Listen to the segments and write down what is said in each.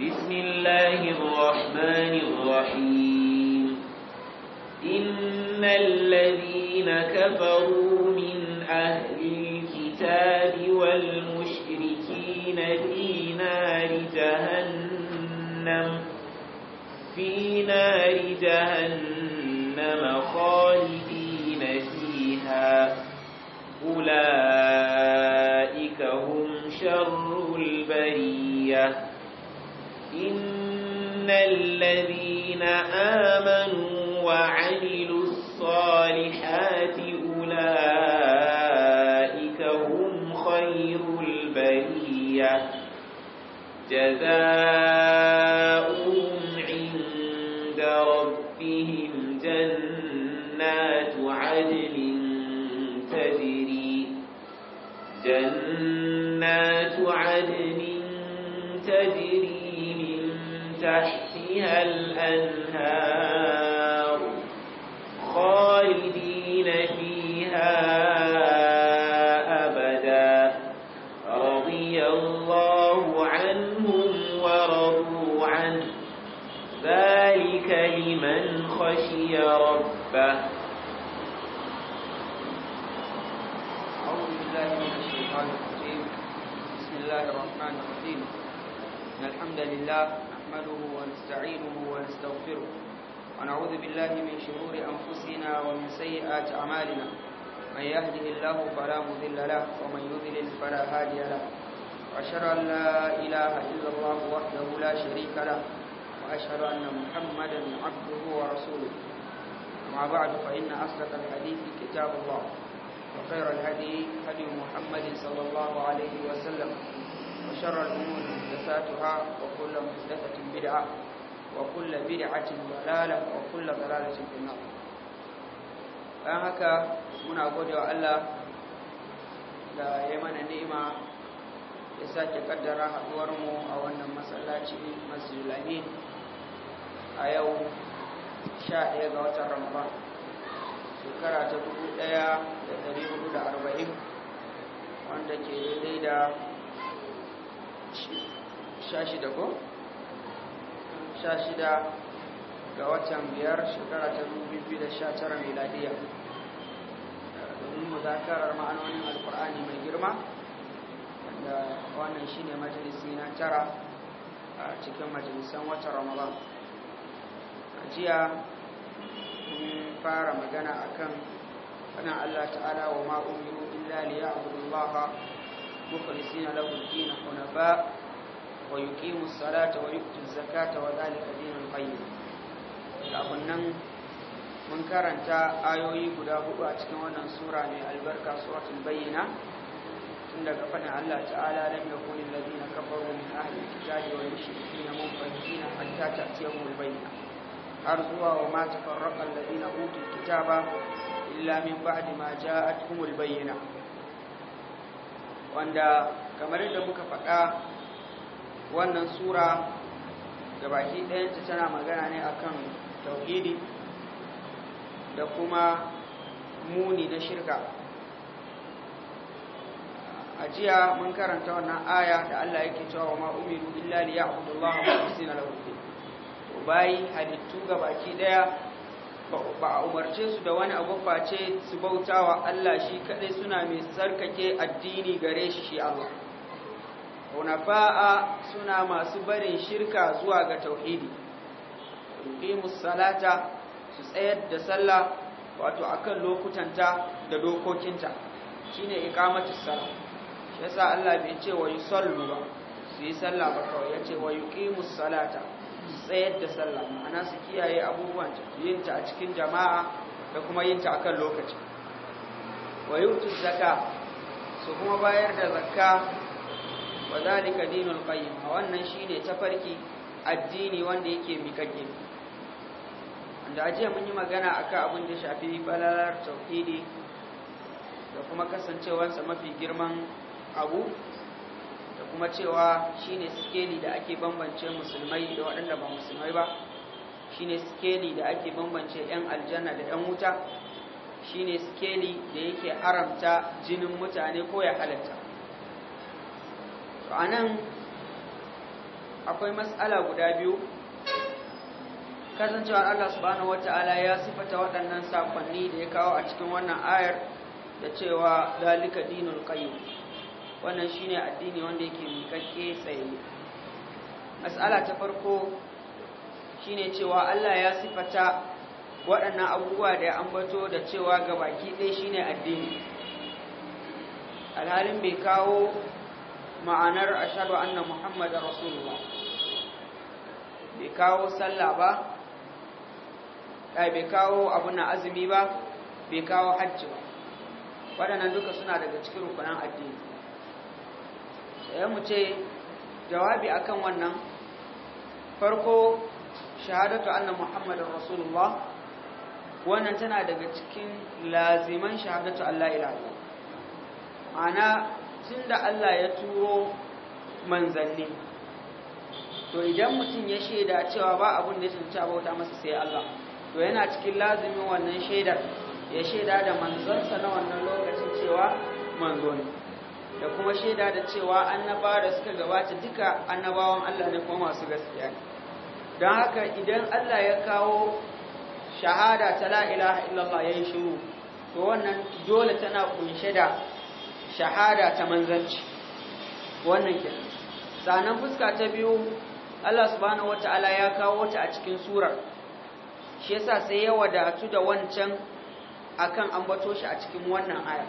بسم الله الرحمن الرحيم إن الذين كفروا من أهل الكتاب والمشركين في نار جهنم في نار جهنم خالدين فيها أولئك إن الذين آمنوا وعملوا الصالحات أولئك هم خير البرية جزاء الأنهار خالدين فيها أبدا رضي الله عنهم ورضوا عنه ذلك لمن خشي ربه أعوذ بالله من الشيطان الرجيم بسم الله الرحمن الرحيم إن الحمد لله نحمده ونستعينه ونستغفره ونعوذ بالله من شرور أنفسنا ومن سيئات أعمالنا من يهده الله فلا مذل له ومن يذلل فلا هادي له وأشهد أن لا إله إلا الله وحده لا شريك له وأشهد أن محمدا عبده ورسوله أما بعد فإن أصدق الحديث كتاب الله وخير الهدي هدي محمد صلى الله عليه وسلم وشر الأمور محدثاتها وكل محدثة بدعة وكل بدعة ضلالة وكل ضلالة في النار dan haka muna gode wa Allah da ya mana ni'ima ya sake kaddara haduwar mu a wannan masallaci Masjidul Amin a yau 11 ga watan Ramadan shekara ta 1440 wanda ke daidai da 16 ko 16 ga watan biyar shekara ta da 2019 miladiya domin muzakarar ma'anonin alkur'ani mai girma wanda wannan shine majalisi na tara a cikin majalisan watan ramadan a jiya mun fara magana akan kan Allah ta'ala wa ma'umiru illa liya abudullaha mukhlisina lahu ad hunafa wa yuqimu salata wa yu'tu zakata wa zalika dinul qayyim kafin nan mun karanta ayoyi guda hudu a cikin wannan sura mai albarka suratul bayyina tun daga fadin Allah ta'ala lam yakun alladhina kafaru min ahli alkitabi wal mushrikeena munfakina hatta ta'tiyahum albayyina har zuwa wa ma tafarraqa alladhina utul kitaba illa min ba'di ma ja'atuhum albayyina wanda kamar yadda muka faɗa wannan sura da baki ɗayanta tana magana ne a akan tauhidi da kuma muni na shirka a jiya mun karanta wannan aya da Allah yake cewa wa ma umiru illa li ya'budu Allah wa yusina lahu to bai halittu ga baki daya ba a umarce su da wani abu face su bautawa Allah shi kadai suna mai sarkake addini gare shi shi Allah hunafa'a suna masu barin shirka zuwa ga tauhidi yuqimus salata su tsayar da sallah wato akan lokutanta da dokokinta shine iqamatus salat shi yasa Allah bai ce wa yusallu ba su yi sallah ba kawai yace wa yuqimus salata su tsayar da sallah ma'ana su kiyaye abubuwan yin ta a cikin jama'a da kuma yin ta akan lokaci wa yu'tu zakka su kuma bayar da zakka wa zalika dinul wannan shine ta farki addini wanda yake mikakke da ajiya mun yi magana akan abin da shafi balalar tauhidi da kuma kasancewarsa mafi girman abu da kuma cewa shine skeli da ake bambance musulmai da waɗanda ba musulmai ba shine skeli da ake bambance 'yan aljanna da 'yan wuta shine skeli da yake haramta jinin mutane ko ya halatta a nan akwai matsala guda biyu kasancewar Allah subhanahu wata'ala ya sifata waɗannan sakonni da ya kawo a cikin wannan ayar da cewa zalika dinul qayyim wannan shine addini wanda yake mikakke tsaye matsala ta farko shine cewa Allah ya sifata waɗannan abubuwa da ya ambato da cewa ga gabaki ɗaya shine addini alhalin bai kawo ma'anar ashadu anna Muhammad Rasulullah bai kawo sallah ba bai kawo abu na azumi ba bai kawo hajji ba waɗannan duka suna daga cikin rukunan addini sai mu ce jawabi akan wannan farko shahadatu anna Muhammadar Rasulullah wannan tana daga cikin laziman shahadatu Allah ilaha ma'ana tun da Allah ya turo manzanni to idan mutum ya shaida cewa ba abin da ya tunta bauta masa sai Allah to yana cikin lazumin wannan shaidar ya shaida da manzansa na wannan lokacin cewa manzo ne da kuma shaida da cewa annaba da suka gabata duka annabawan Allah ne kuma masu gaskiya ne don haka idan Allah ya kawo shahada ta la ilaha illallah ya yi shiru to wannan dole tana kunshe da shahada ta manzanci wannan kenan sanan fuska ta biyu Allah subhanahu wataala ya kawo ta a cikin surar shi yasa sai ya wadatu da wancan akan ambato shi a cikin wannan aya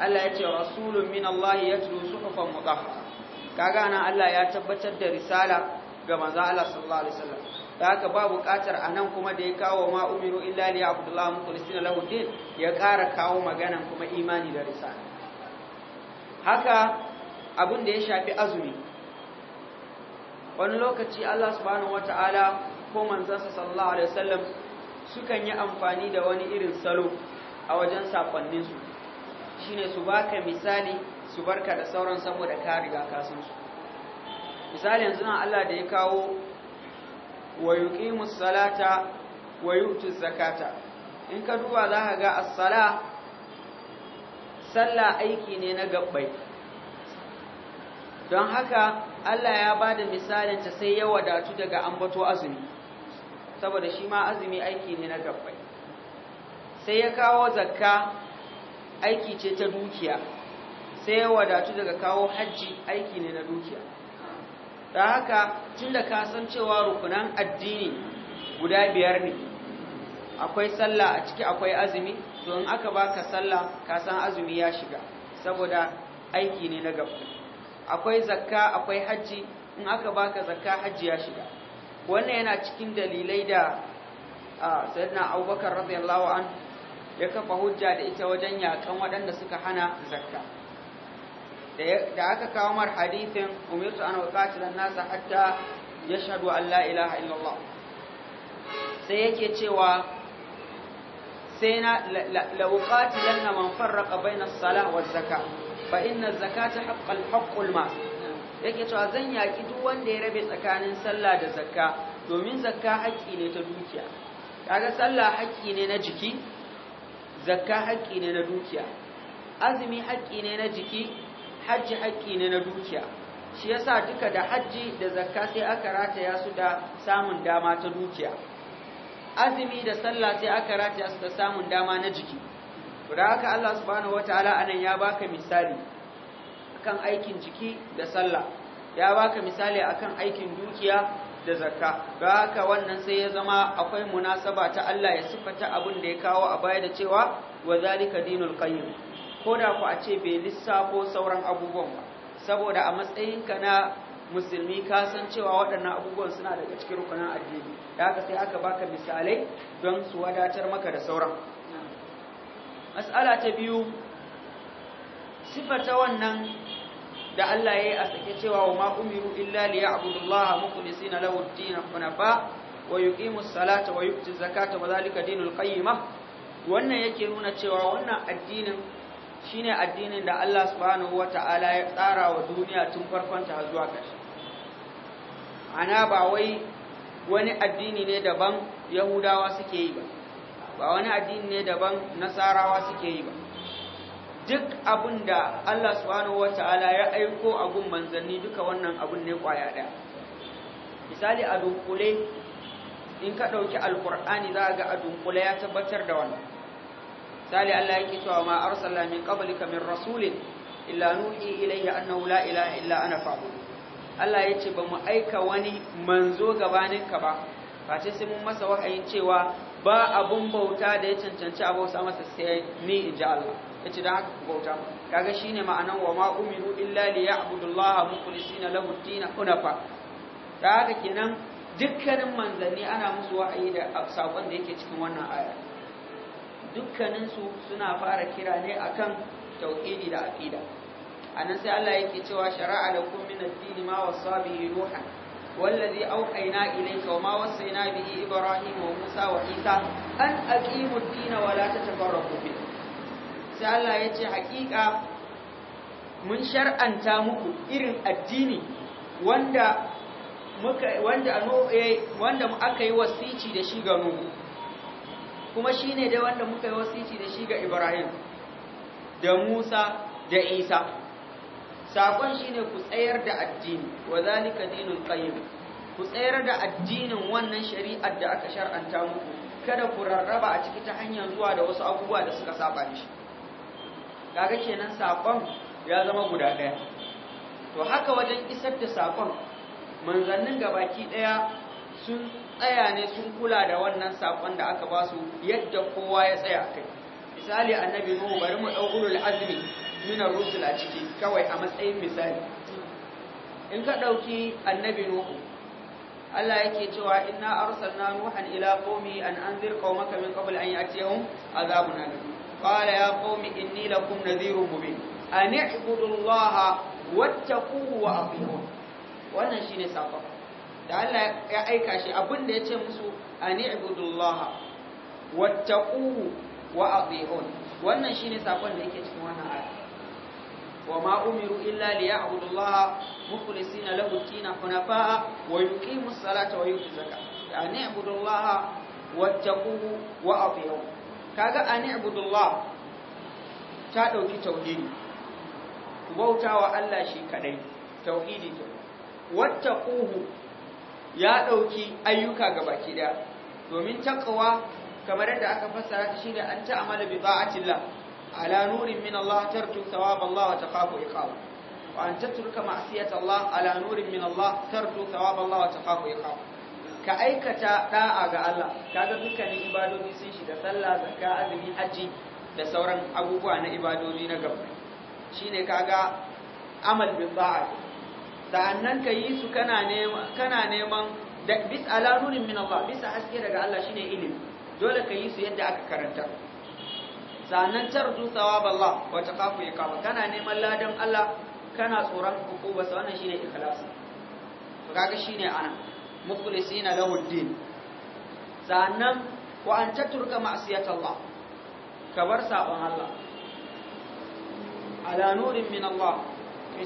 Allah ya ce rasulun min Allah yatlu suhufan mutahhara kaga nan Allah ya tabbatar da risala ga manzo Allah sallallahu alaihi wasallam da haka ba buƙatar anan kuma da ya kawo ma umiru illa li abdullah mukhlisina lahu din ya ƙara kawo maganan kuma imani da risala haka abin da ya shafi azumi wani lokaci Allah subhanahu wata'ala ko manzansa sallallahu alaihi wasallam sukan yi amfani da wani irin salo a wajen su shine su baka misali su barka da sauran saboda ka riga ka su misali yanzu nan Allah da ya kawo wa yuqimus salata wa yu'tuz zakata in ka duba za ka ga as-sala sallah aiki ne na gabbai don haka Allah ya ba da misalin ta sai ya wadatu daga ambato azumi saboda shi ma azumi aiki ne na gabbai sai ya kawo zakka aiki ce ta dukiya sai ya wadatu daga kawo hajji aiki ne na dukiya da haka tun da ka san cewa rukunan addini guda biyar ne akwai sallah a ciki akwai azumi to in aka baka sallah ka san azumi ya shiga saboda aiki ne na gaba akwai zakka akwai hajji in aka baka zakka hajji ya shiga wannan yana cikin dalilai da sayyidina Abubakar radiyallahu an ya kafa hujja da ita wajen yakan waɗanda suka hana zakka da aka kawo mar hadithin umirtu an uqatila nasa hatta yashhadu an la ilaha illallah sai yake cewa sai na lawqatilanna man farraqa baina as-salah wa zakah fa inna ta zakata ma yake cewa zan yaƙi duk wanda ya rabe tsakanin sallah da zakka domin zakka haƙƙi ne ta dukiya kaga sallah haƙƙi ne na jiki zakka haƙƙi ne na dukiya azumi haƙƙi ne na jiki hajji haƙƙi ne na dukiya shi yasa duka da hajji da zakka sai aka rataya su da samun dama ta dukiya azumi da sallah sai aka rataya su da samun dama na jiki to da haka Allah subhanahu wataala anan ya baka misali akan aikin jiki da sallah ya baka misali akan aikin dukiya da zakka da haka wannan sai ya zama akwai munasaba ta Allah ya sifata abin da ya kawo a baya da cewa wa zalika dinul qayyim koda ku a ce bai lissafo sauran abubuwan ba saboda a matsayinka na musulmi ka san cewa waɗannan abubuwan suna daga cikin rukunan addini da haka sai aka baka misalai don su wadatar maka da sauran mas'ala ta biyu sifata wannan da Allah ya yi a sake cewa wa ma umiru illa li ya'budullaha mukhlisina lahu ad-din hunafa wa yuqimus salata wa yu'tiz zakata wa zalika dinul qayyimah wannan yake nuna cewa wannan addinin shine addinin da Allah subhanahu wata'ala ya tsara wa duniya tun farkon ta zuwa ƙarshe ana ba wai wani addini ne daban yahudawa suke yi ba ba wani addini ne daban nasarawa suke yi ba duk abin da Allah subhanahu ta'ala ya aiko a gun manzanni duka wannan abin ne kwaya daya misali a dunkule in ka dauki alkur'ani za ga a dunkule ya tabbatar da wannan misali Allah yake cewa ma arsala min qablika min rasulin illa nuhi ilayhi annahu la ilaha illa ana fa'budu Allah ya ce ba mu aika wani manzo gabaninka ba ce sai mun masa wahayin cewa ba abun bauta da ya cancanci a bauta masa sai ni in ji Allah ya ce don haka ku bauta kaga shine ma'anan wa ma umiru illa li ya'budullaha mukhlisina lahu ad kuna hunafa da haka kenan dukkanin manzanni ana musu wahayi da sakon da yake cikin wannan aya dukkaninsu suna fara kira ne akan tauhidi da aqida anan sai Allah yake cewa shara'a lakum min ad-din ma wasa bihi nuha wallazi awhayna ilayka wama wasayna bihi ibrahim wa musa wa isa an aqimu ad dina wa la tatafarraqu fi sai Allah yace hakika mun shar'anta muku irin addini wanda muka wanda eh, wanda aka yi wasici da shi ga nuhu kuma shine dai wanda muka yi wasici da shi ga Ibrahim da Musa da Isa sakon shine ku tsayar da addini wa zalika dinul qayyim ku tsayar da addinin wannan shari'ar da aka shar'anta muku kada ku rarraba a ciki ta hanyar zuwa da wasu abubuwa da suka saba shi kaga kenan sakon ya zama guda daya to haka wajen isar da sakon manzannin gabaki daya sun tsaya ne sun kula da wannan sakon da aka ba su yadda kowa ya tsaya kai misali annabi Nuhu bari mu dau ulul azmi minar rusul a ciki kawai a matsayin misali in ka ɗauki annabi nuhu Allah yake cewa inna arsalna nuhan ila qaumi an anzir qaumaka min qabl an ya'tiyahum azabun alim qala ya qaumi inni lakum nadhirun mubin an i'budu allaha wattaquhu wa ati'un wannan shine sako da Allah ya aika shi abinda yace musu an i'budu allaha wattaquhu wa ati'un wannan shine sakon da yake cikin wannan وما أمروا إلا ليعبدوا الله مخلصين له الدين حنفاء ويقيموا الصلاة ويؤتوا الزكاة أن اعبدوا الله واتقوه وأطيعوه kaga an ibudullah ta dauki tauhidi bautawa Allah shi kadai tauhidi to wattaquhu ya ɗauki ayyuka gaba ɗaya domin taqwa kamar yadda aka fassara shi da an amala bi ba'atillah ala nurin min Allah tarku thawab Allah wa taqafu iqab wa an Allah ala nurin min Allah tarku thawab Allah wa taqafu ka aikata da'a ga Allah kaga dukkanin ibadodi sun shiga sallah zakka azumi haji da sauran abubuwa na ibadodi na kaga amal sa'annan ka yi su kana neman kana neman da min Allah bisa haske daga Allah shine ilimi dole ka yi su yadda aka karanta sannan tarju thawab Allah wa taqafu iqaba kana neman ladan Allah kana tsoron ba sa wannan shine ikhlasi to kaga shine ana mukhlisina lahu din sannan wa an taturka ma'siyat Allah kabar sabon Allah ala nurin min Allah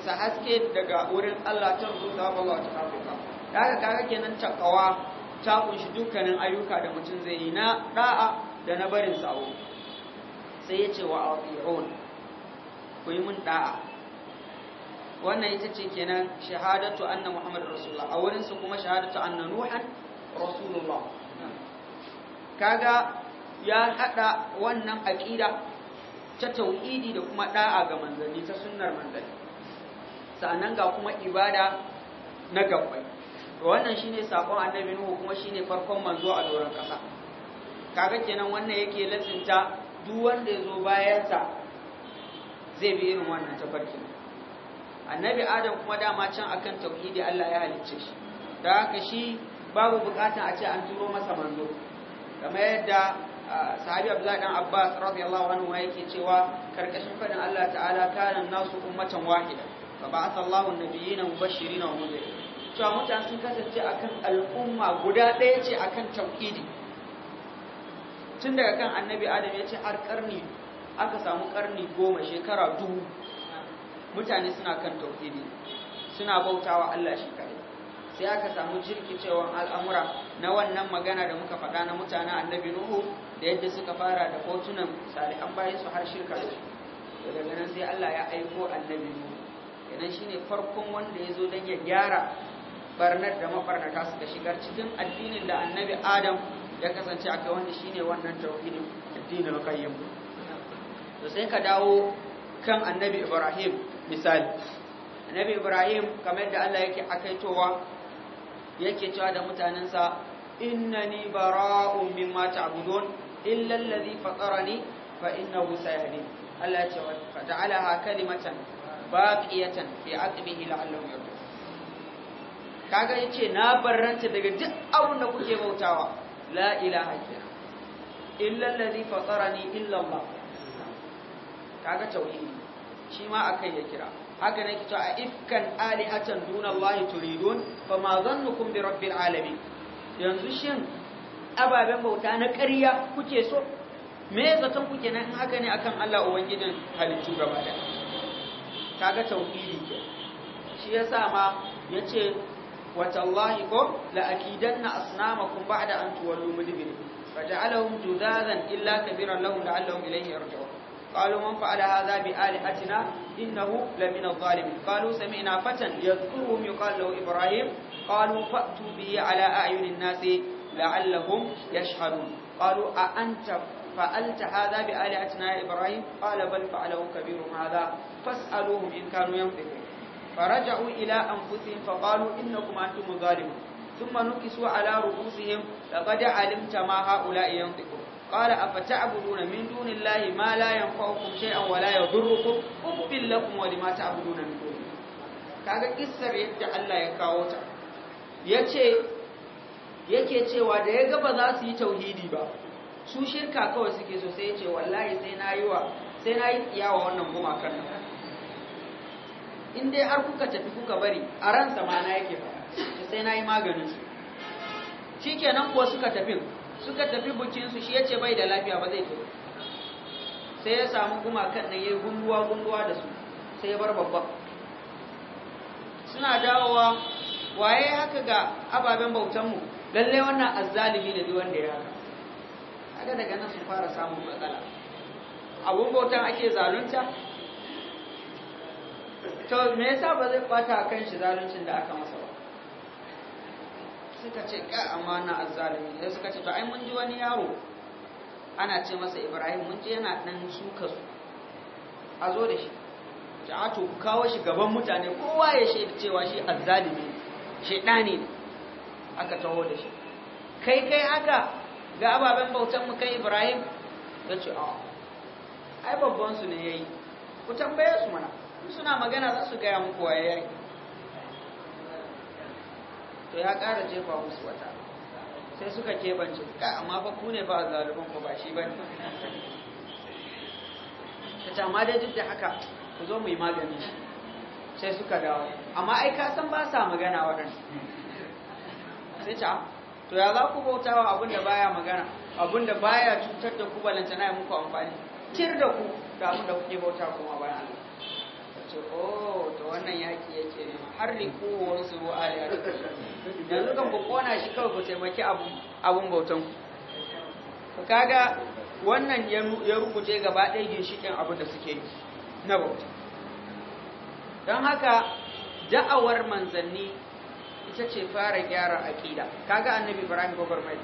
sa haske daga wurin Allah tarju thawab Allah wa taqafu iqaba kaga kaga kenan takawa ta kunshi dukkanin ayyuka da mutum zai yi na da'a da na barin sabo sai ya ce wa ati'un ku yi mun da'a wannan ita ce kenan shahadatu anna muhammad rasulullah a wurinsu kuma shahadatu anna nuhan rasulullah kaga ya hada wannan aqida ta tauhidi da kuma da'a ga manzanni ta sunnar manzanni sannan ga kuma ibada na gabbai wannan shine sakon annabi nuhu kuma shine farkon manzo a doron kasa kaga kenan wannan yake latsinta duk wanda ya zo bayansa zai bi irin wannan tafarkin annabi adam kuma dama can akan tauhidi Allah ya halicce shi da haka shi babu bukatan a ce an turo masa manzo kamar yadda sahabi Abdullahi dan Abbas radiyallahu anhu yake cewa karkashin faɗin Allah ta'ala kana nasu ummatan wahida fa ba'atha Allahu an-nabiyina mubashirin wa mudhirin cewa mutane sun kasance akan al'umma guda ɗaya ce akan tauhidi tun daga kan annabi adam ya ce har karni aka samu karni goma shekara dubu mutane suna kan tauhidi suna bautawa Allah shi kare sai aka samu jirkicewan al'amura na wannan magana da muka faɗa na mutanen annabi nuhu da yadda suka fara da hotunan salihan bayan su har shirka da su daga nan sai Allah ya aiko annabi nuhu kenan shine farkon wanda ya zo don ya gyara barnar da su suka shigar cikin addinin da annabi adam ya kasance akai wanda shine wannan tauhidin addinin qayyim to sai ka dawo kan annabi Ibrahim misali annabi Ibrahim kamar da Allah yake akaitowa yake cewa da mutanansa innani bara'un mimma ta'budun illa alladhi fatarani fa innahu sayahdi Allah ya ce wa ta'alaha kalimatan baqiyatan fi aqbihi la'allahu yarji'un kaga yace na barranta daga duk abun da kuke bautawa la ilaha illallah illa allazi fatarani illa Allah kaga tauhidi shi ma akai ya kira haka ne kita a ifkan alihatan dunallahi turidun fama zannukum bi rabbil alamin yanzu shin ababen bauta na ƙarya kuke so me zaton kuke nan haka ne akan Allah ubangijin halittu gaba da kaga tauhidi ke shi yasa ma yace watallahi ko la akidanna asnamakum ba'da an tuwallu mudbir faj'alahum judadan illa kabiran lahum la'allahum ilayhi yarji'un qalu man fa'ala hadha bi alihatina innahu la min adh-dhalimin qalu sami'na fatan yadhkuruhum yuqalu lahu ibrahim qalu fa'tu bihi ala a'yunin nasi la'allahum yashharun qalu a anta فألت هذا بآلهتنا يا إبراهيم قال بل فعله كبير هذا فاسألوهم إن كانوا ينطقون فرجعوا إلى أنفسهم فقالوا إنكم أنتم ظالمون ثم نكسوا على رؤوسهم لقد علمت ما هؤلاء ينطقون قال أفتعبدون من دون الله ما لا ينفعكم شيئا ولا يضركم أف لكم ولما تعبدون من دون الله kaga kissar yadda Allah ya kawo ta yace yake cewa da ya ga ba za su yi tauhidi ba su shirka kawai suke so sai yace wallahi sai na yi wa sai na yi iyawa wannan gumakan nan in dai har kuka tafi kuka bari a ransa ma yake faɗa sai na yi maganin su shi kenan kuwa suka tafi suka tafi bukinsu shi ya ce bai da lafiya ba zai tafi sai ya samu gumakan nan ya yi gunduwa-gunduwa da su sai ya bar babban suna dawowa waye haka ga ababen bautanmu lallai wannan azzalimi ne duk wanda ya haka haka daga nan sun fara samun matsala abun bautan ake zalunta to me yasa ba zai a kan shi zaluncin da aka masa ba suka ce ka amana azzalimi sai suka ce to ai mun ji wani yaro ana ce masa Ibrahim mun ji yana dan suka su a zo da shi ta to ku kawo shi gaban mutane kowa ya shaida cewa shi azzalimi shedani ne aka taho da shi kai kai haka ga ababen bautan mu kai Ibrahim ce a ai babban su ne yayi ku tambaye su mana suna magana za su gaya muku waye yaki to ya ƙara jefa musu wata sai suka kebance ka amma ba ku ne ba zalimin ku ba shi ba ne ta amma dai duk da haka ku zo mu yi magani sai suka dawo amma ai ka san ba sa magana waɗansu sai ta to ya za ku wa abin da baya magana abin da baya cutar da ku balanta na yi muku amfani kir da ku da abin da kuke bauta kuma bayan Allah ce oh to wannan yaki yake ne harriku wa rusulu aliyatu yanzu kan ku kona shi kawai ku taimaki abun abun bautan ku kaga wannan ya rubuce gaba ɗaya ginshikin abin da suke yi na bauta don haka da'awar manzanni ita ce fara gyara aƙida kaga annabi ibrahim gobar mai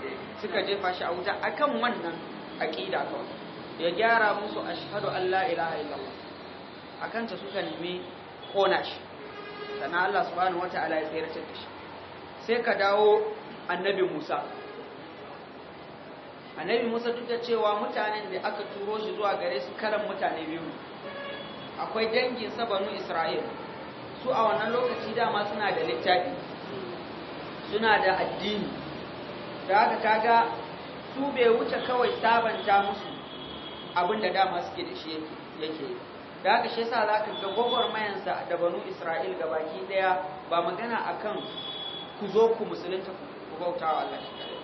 suka jefa shi a wuta akan wannan aƙida kawai ya gyara musu ashhadu an la ilaha illallah Akanta ta suka nemi kona shi sannan Allah subhanahu wata'ala ya tsayar da shi sai ka dawo annabi Musa annabi Musa duk da cewa mutanen da aka turo shi zuwa gare su karan mutane biyu akwai dangin sa banu Isra'il su a wannan lokaci dama suna da littafi suna da addini da haka kaga su bai wuce kawai sabanta musu abinda da dama suke da shi yake yake da haka shi sa za ka ga gwagwarmayansa da banu isra'il ga baki daya ba magana akan ku zo ku musulunta ku bauta wa Allah shi kadai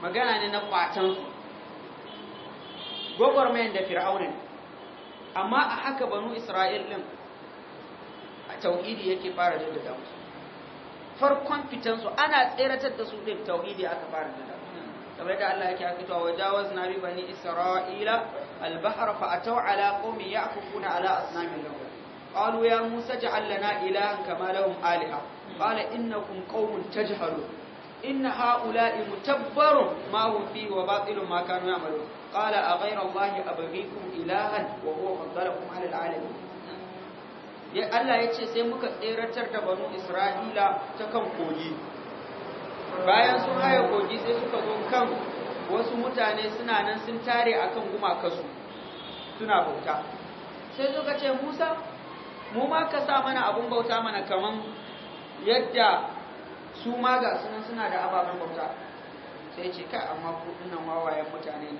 magana ne na kwatan su gwagwarmayan da fir'aunin amma a haka banu isra'il din a tauhidi yake fara da da musu farkon fitansu ana tseratar da su din tauhidi aka fara da kamar da Allah yake haka to wajawaz na bani isra'ila البحر فأتوا على قوم يعكفون على أصنام لهم قالوا يا موسى اجعل لنا إلها كما لهم آلهة قال إنكم قوم تجهلون إن هؤلاء متبر ما هم فيه وباطل ما كانوا يعملون قال أغير الله أبغيكم إلها وهو فضلكم على العالمين Allah ya ce sai muka tseratar da banu Isra'ila ta kan kogi, bayan sun haya kogi sai suka zo kan wasu mutane suna nan sun tare a kan gumakasu, suna bauta sai suka ce Musa mu ma ka sa mana abun bauta mana kaman yadda su ma ga sunan suna da ababen bauta sai ce kai amma ku dinnan wawayen mutane ne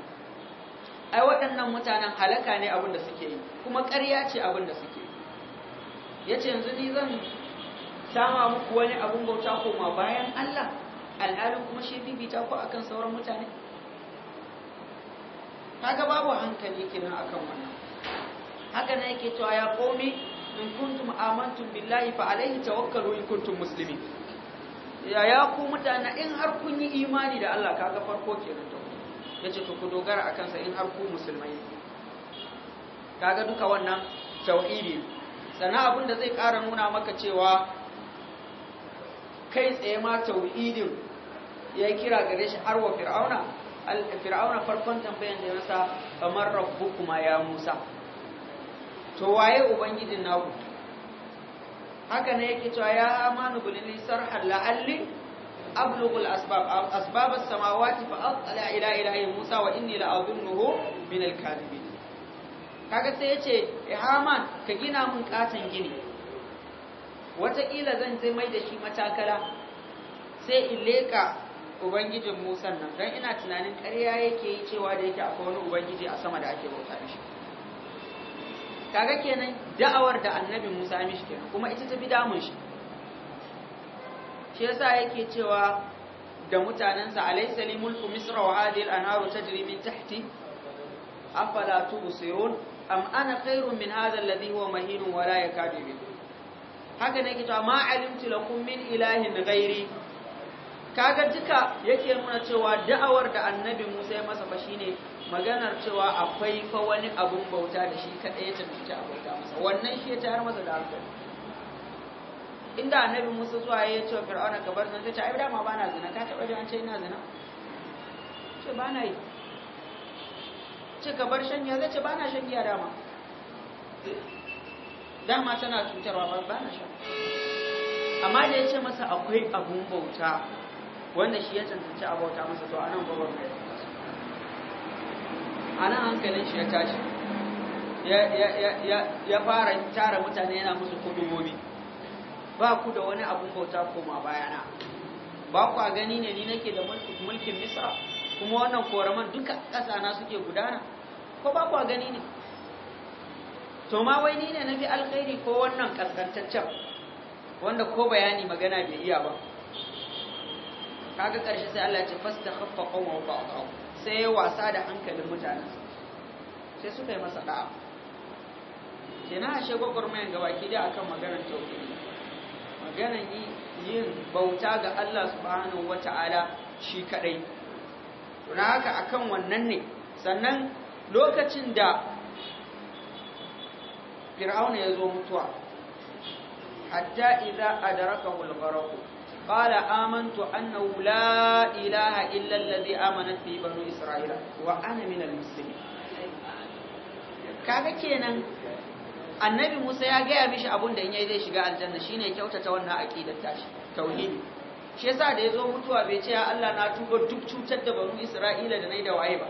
ai waɗannan mutanen halaka ne abin da suke yi kuma ƙarya ce abin da suke yi yace yanzu ni zan sama muku wani abin bauta koma bayan Allah al'adun kuma shi bibita ko akan sauran mutane kaga babu hankali kenan akan wannan haka ne yake cewa ya komi in kuntum amantum billahi fa alayhi tawakkalu in kuntum muslimin ya ya ku mutane in har kun yi imani da Allah kaga farko kenan to yace to ku dogara akan sa in har ku musulmai kaga duka wannan tauhidi sana abin da zai ƙara nuna maka cewa kai tsaye ma tauhidin ya kira gare shi wa fir'auna fir'auna farkon tambayan da ya masa kamar kuma ya musa to waye ubangijin naku haka ne yake cewa ya amanu bulili sarhan la'alli ablughu al-asbab asbab as-samawati fa atla ila ilahi Musa wa inni la adunnuhu min al kadibin kaga sai yace eh, Haman ka gina mun katan gini wata kila zan je mai da shi matakala sai in leka ubangijin Musa nan don ina tunanin ƙarya yake yi cewa da yake akwai wani ubangiji a sama da ake bauta mishi kaga kenan da'awar da annabi Musa mishi kenan kuma ita ta bi damun shi shi yasa yake cewa da mutanensa alaysa li mulku misra wa hadhihi al-anharu tajri min tahti afala tubsirun am ana khairun min hadha alladhi huwa mahinun wa la yakadu haka ne kita ma alimtu lakum min ilahin ghairi kaga duka yake nuna cewa da'awar da annabi Musa ya masa ba shine maganar cewa akwai fa wani abun bauta da shi kadai ya tantance a bauta masa wannan shi ya tayar masa da hankali inda annabi Musa zuwa ya ce Fir'auna ka bar zan ta ai dama ba na zina ka taba ji an ce ina zina ce ba na yi ce ka bar shan giya zai ce ba na shan giya dama dama tana cutarwa ba na shan amma da ya ce masa akwai abun bauta wanda shi ya cancanci a bauta masa to anan gwagwar mai nan hankalin shi ya tashi ya fara tara mutane yana musu kudubobi ba ku da wani abun bauta koma bayana ba ku a gani ne ni nake da mulkin misra kuma wannan koraman duka ƙasana suke gudana ko ba ku a gani ne to ma wai ni ne na fi alkhairi ko wannan ƙasƙantaccen wanda ko bayani magana bai iya ba kaga ƙarshe sai Allah ce fasta khaffa qawmu ba'dahu sai ya wasa da hankalin mutanen sai suka yi masa da'a na ashe gwagwarmayan gabaki da akan maganar tauhidi maganar yin bauta ga Allah subhanahu wata'ala shi kadai don haka akan wannan ne sannan lokacin da fir'auna ya zo mutuwa hatta idza adrakahu al-gharq قال آمنت أنه لا إله إلا الذي آمنت به بنو إسرائيل وأنا من المسلمين kaga kenan annabi Musa ya gaya mishi abun da in yayi zai shiga aljanna shine kyautata wannan aqidar tashi tauhidi shi yasa da yazo mutuwa bai ce Allah na tuba duk cutar da banu Isra'ila da nayi da waye ba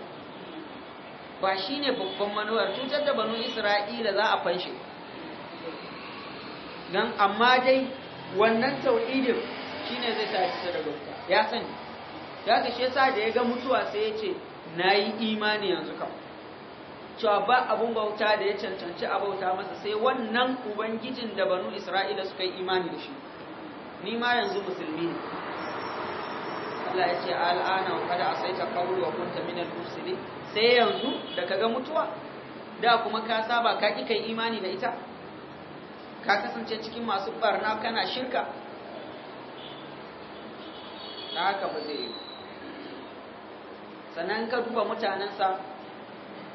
ba shine babban manowar cutar da banu Isra'ila za a fanshe dan amma dai wannan tauhidin shine zai sa ya ci sadakarka ya sani shi yasa da ya ga mutuwa sai ya ce na yi imani yanzu kam cewa ba abun bauta da ya cancanci a bauta masa sai wannan ubangijin da banu isra'ila suka yi imani da shi ni ma yanzu musulmi ne Allah ya ce al'ana wa kada asaita qawlu wa kunta min al sai yanzu da ka ga mutuwa da kuma ka saba ka ki kai imani da ita ka kasance cikin masu barna kana shirka da haka ba zai yi sannan ka duba mutanensa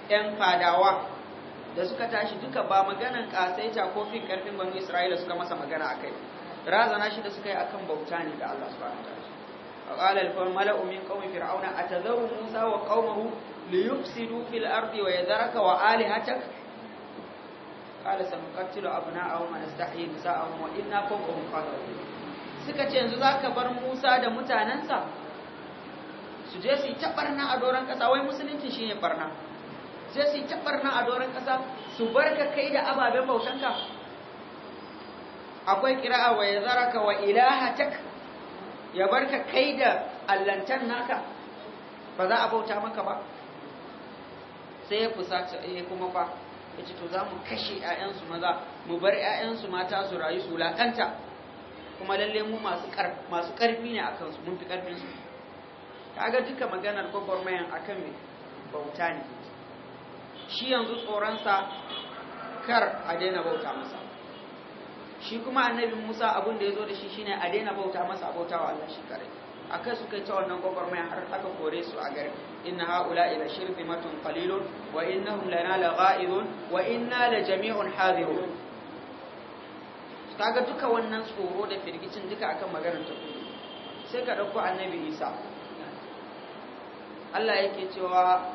‘yan fadawa da suka tashi duka ba maganan ƙasaita ko fi ƙarfin banu isra’ila suka masa magana a kai razana shi da suka yi akan bauta ne da allah su ba a ƙwalar alfawar mala’umin ƙaunin fir'auna a ta zaun musa wa ƙaunahu liyuf sidu fil wa ya zaraka wa ali hatak ƙalasa mu ƙattilo abu na awon wa ina ko ƙaunin suka ce yanzu za ka bar musa da mutanensa su je su yi ta barna a doron ƙasa wai musulunci shi ne barna sai su yi ta barna a doron ƙasa su bar ka kai da ababen bautanka akwai kira'a wa ya zara ka wa Tak" ya bar ka kai da allantan naka ba za a bauta maka ba sai ya ta, ya eh, kuma fa ya ce to za mu kashe 'ya'yansu maza mu bar 'ya'yansu mata su rayu su lakanta kuma lalle mu masu ƙarfi karfi ne a kansu, mun fi karfin su kaga duka maganar a akan mai bauta ne shi yanzu tsoronsa kar a daina bauta masa shi kuma annabin Musa abin da ya zo da shi shine a daina bauta masa bauta wa Allah shi kare A kai su kai ta wannan mayan har aka kore su a gari inna haula ila matun qalilun wa innahum lana lagha'idun wa inna la jami'un hadirun kaga duka wannan tsoro da firgicin duka akan maganar ta sai ka dauko annabi Isa Allah yake cewa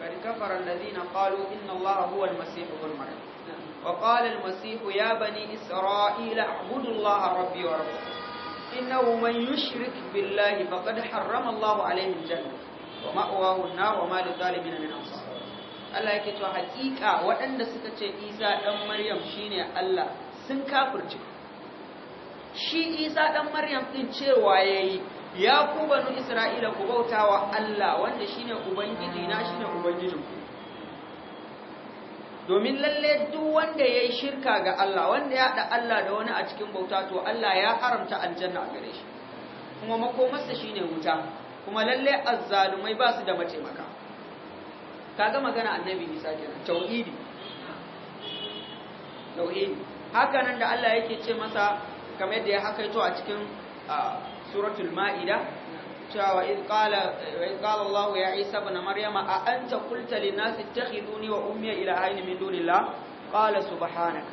kad kafara alladhina qalu inna Allaha huwa al-masih ibn maryam wa qala al ya bani isra'ila a'budu Allaha rabbi wa rabbakum innahu man yushrik billahi faqad harrama Allahu alayhi al-jannah wa ma'wahu an-nar wa ma lidh-dhalimin min ansar Allah yake cewa hakika waɗanda suka ce Isa ɗan Maryam shine Allah sun kafirce shi isa dan maryam din cewa yayi ya ku banu isra'ila ku bautawa Allah wanda shine ubangiji na shine ubangijin ku domin lalle duk wanda yayi shirka ga Allah wanda ya da Allah da wani a cikin bauta to Allah ya haramta aljanna a gare shi kuma makomarsa shine wuta kuma lalle azzalumai ba su da mataimaka kaga magana annabi Isa kenan tauhidi tauhidi haka nan da Allah yake ce masa kamar yadda ya hakaito a cikin suratul ma'ida cewa wa idh qala Allah ya Isa ibn Maryam a anta qulta lin nas ittakhiduni wa ummi ilahayn min dunillah qala subhanaka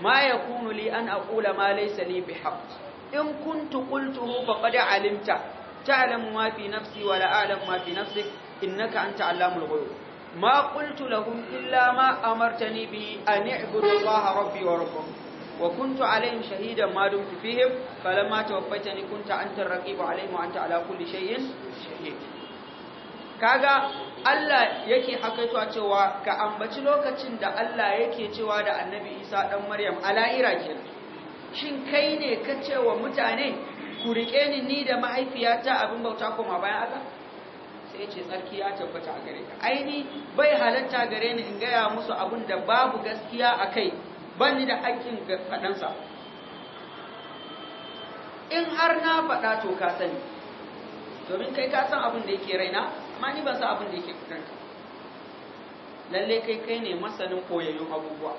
ma yakunu li an aqula ma laysa li bihaqq in kuntu qultuhu faqad alimta ta'lamu ma fi nafsi wa la a'lamu ma fi nafsik innaka anta 'allamul ghuyub ما قلت لهم إلا ما أمرتني به أن اعبدوا الله ربي وربكم wa kuntu alaihim shahidan ma dumtu fihim falamma tawaffaytani kunta anta raqib alaihim wa anta ala kulli shay'in shahid kaga Allah yake hakaito cewa ka ambaci lokacin da Allah yake cewa da Annabi Isa dan Maryam ala irakin shin kai ne ka cewa mutane ku rike ni ni da mahaifiyata abin bauta ma bayan Allah sai ce tsarki ya tabbata a gare ka aini bai halatta gare ni in gaya musu abin da babu gaskiya a kai ban ni da haƙƙin faɗansa in har na faɗa to ka sani domin kai ka san abin da yake raina amma ni ban san abin da yake ka. lalle kai kai ne masanin koyayyun abubuwa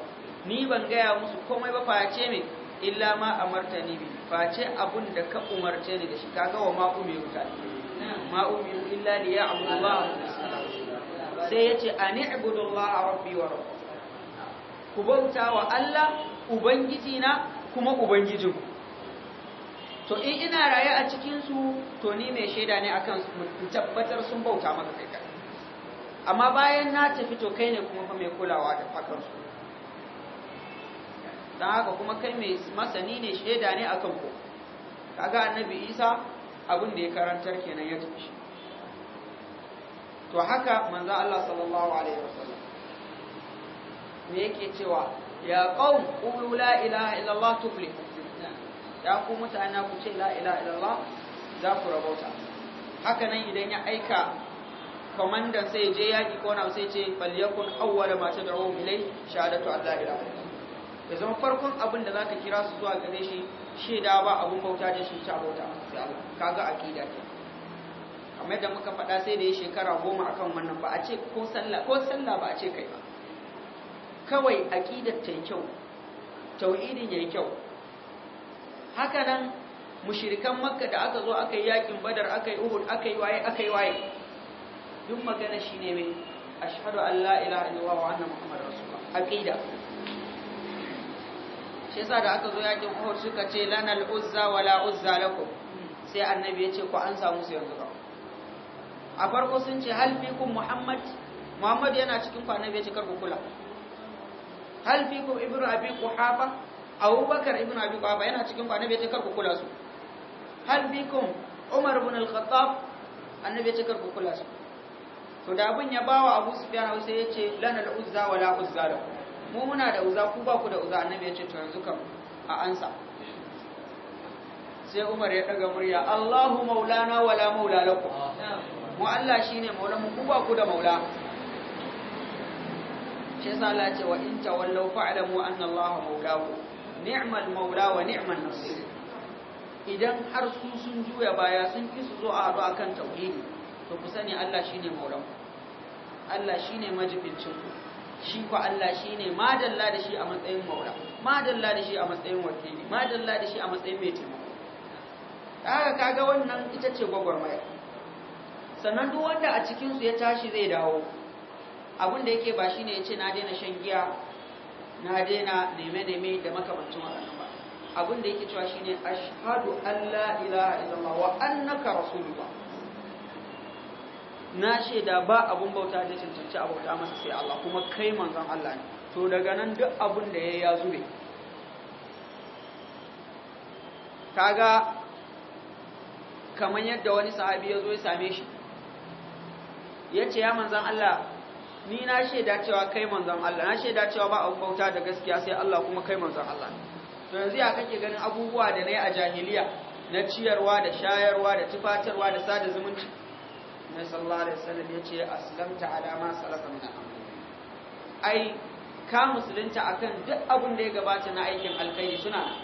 ni ban gaya musu komai ba face mai illa ma amarta ni bi face abin da ka umarce ni da shi kaga wa ma umiru wuta ma umiru illa li ya'budu Allah sai yace ani ibudullah Allah rabbi wa rabbi ku bauta wa Allah ubangiji na kuma ubangijin to in ina raye a cikin su to ni mai shaida ne akan su tabbatar sun bauta maka kai kai amma bayan na tafi to kai ne kuma fa mai kulawa da fakar su dan haka kuma kai mai masani ne shaida ne akan ku kaga annabi Isa abin da ya karantar kenan ya tafi to haka manzo Allah sallallahu alaihi wasallam me yake cewa ya qaum qulu la ilaha illallah tuflihu ya ku mutane ku ce la ilaha illallah za ku rabauta haka nan idan ya aika komanda sai je yaki ko na sai ce yakun awwal ma tad'u ilai shahadatu an la ilaha illallah ya zama farkon abin da zaka kira su zuwa gare shi sheda ba abun bauta da shi ta bauta sai Allah kaga akida ke kamar da muka faɗa sai da ya shekara goma akan wannan ba a ce ko sallah ko sallah ba a ce kai ba kawai aqidar ta yi kyau tauhidin yayi kyau haka nan mushrikan makka da aka zo aka yi yakin badar aka yi uhud aka yi waye aka yi waye duk magana shine mai ashhadu an la ilaha illallah wa anna muhammadar rasulullah aqida shi yasa da aka zo yakin uhud suka ce lana al uzza la uzza lakum sai annabi ya ce ku an samu su yanzu ba a farko sun ce hal fikum muhammad muhammad yana cikin ku annabi ya ce kar ku kula hal ku ibnu abi quhafa abubakar ibnu abi quhafa yana cikin ku annabi ya ce kar ku kula su hal ku umar ibn al-khattab annabi ya ce kar ku kula su to da abin ya bawa abu sufyan hausa ya ce lana al-uzza wa la uzza da mu muna da uzza ku ba ku da uzza annabi ya ce to yanzu kam a ansa sai Umar ya daga murya Allahu maulana wala maula lakum mu Allah shine maula mu ku ba ku da maula shi yasa Allah ce wa in tawallaw fa'lamu anna Allah mawlaku ni'mal mawla wa ni'man nasir idan har su sun juya baya sun ki su zo a haɗu akan tauhidi to ku sani Allah shine maulan Allah shine majibincin ku shi ku Allah shine madalla da shi a matsayin mawla madalla da shi a matsayin wakili madalla da shi a matsayin mai taimako kaga kaga wannan ita ce gwagwarmaya sannan duk wanda a cikin su ya tashi zai dawo abin da yake ba shine ya ce na daina shan giya na daina neme-neme da makamancin waɗannan ba abin da yake cewa shine a shahadu Allah ilaha illallah wa annaka ba. na ce da ba abin bauta da cancanci a bauta masa sai Allah kuma kai manzan Allah ne to daga nan duk abin da ya yi ya zube kaga kamar yadda wani sahabi ya zo ya same shi ya ce ya manzan Allah ni na shaida cewa kai manzon Allah na shaida cewa ba abu bauta da gaskiya sai Allah kuma kai manzon Allah to yanzu ya kake ganin abubuwa da nayi a jahiliya na ciyarwa da shayarwa da tufatarwa da sada zumunci na sallallahu alaihi wasallam yace aslamta ala ma salaka min amri ai ka musulunta akan duk abin da ya gabata na aikin alkhairi suna